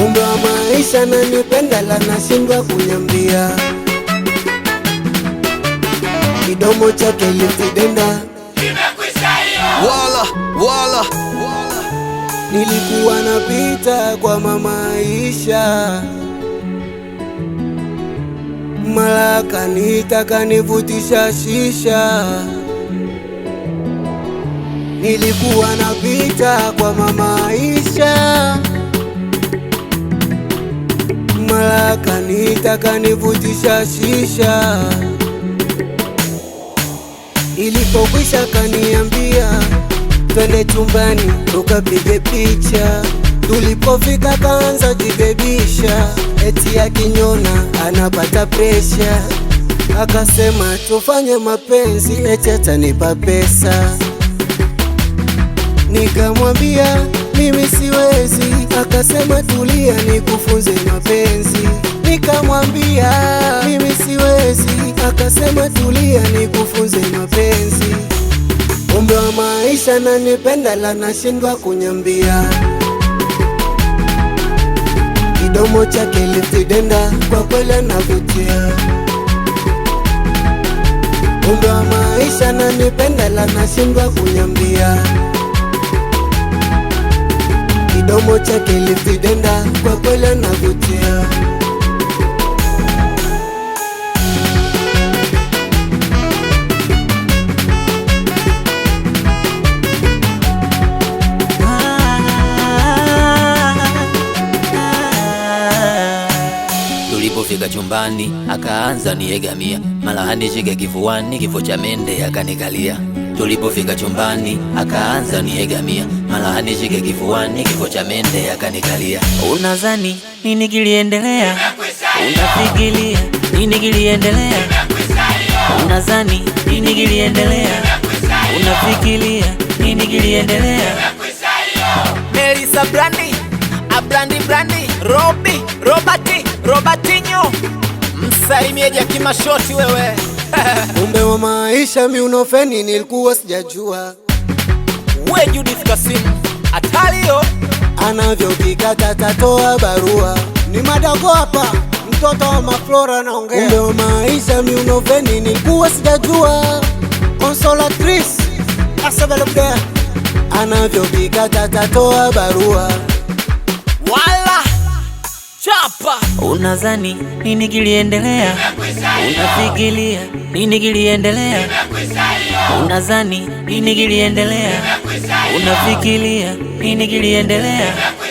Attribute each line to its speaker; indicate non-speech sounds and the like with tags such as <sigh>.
Speaker 1: Kumbe wa maisha na nipenda la nashindwa kunyambia, kidomo chake likidenda
Speaker 2: wala, wala, wala.
Speaker 1: Nilikuwa napita kwa mamaisha, mara kaniita kanivutisha shisha. Nilikuwa napita kwa mamaisha kanita kanivutisha shisha. Ilipokwisha kaniambia twende chumbani tukapige picha. Tulipofika kaanza jibebisha, eti akinyona anapata presha, akasema tufanye mapenzi, eti atanipa pesa. Nikamwambia mimi siwezi, akasema tulia, nikufunze mapenzi. kisha nanipenda la nashindwa kunyambia, kidomo chake litidenda kwa kweli anavutia, kumbe wa maisha nanipenda la nashindwa kunyambia, kidomo chake litidenda kwa kweli anavutia
Speaker 3: Nilipofika chumbani akaanza niegamia, mara hanishike kifuani, kifo cha mende akanikalia. Tulipofika chumbani akaanza niegamia, mara hanishike kifuani, kifo cha mende akanikalia.
Speaker 4: Unazani nini kiliendelea? Unafikiria nini kiliendelea? Unazani nini kiliendelea? Unafikiria nini kiliendelea?
Speaker 5: Mary Sabrani, Abrandi Brandi, Robi, Robati, Robati Salimieja kimashoti wewe <laughs>
Speaker 1: Umbe wa maisha miunofeni nilikuwa sijajua
Speaker 5: We Judith Kasimu atalio
Speaker 1: anavyopika tatatoa barua ni madako hapa mtoto wa Maflora naongea. Umbe wa maisha miunofeni nilikuwa sijajua Consolatrice asabelobdea anavyopika tatatoa barua
Speaker 2: wala Chapa.
Speaker 4: Unazani nini kiliendelea? Unafikiria nini kiliendelea? Unazani nini kiliendelea? Unafikiria nini kiliendelea?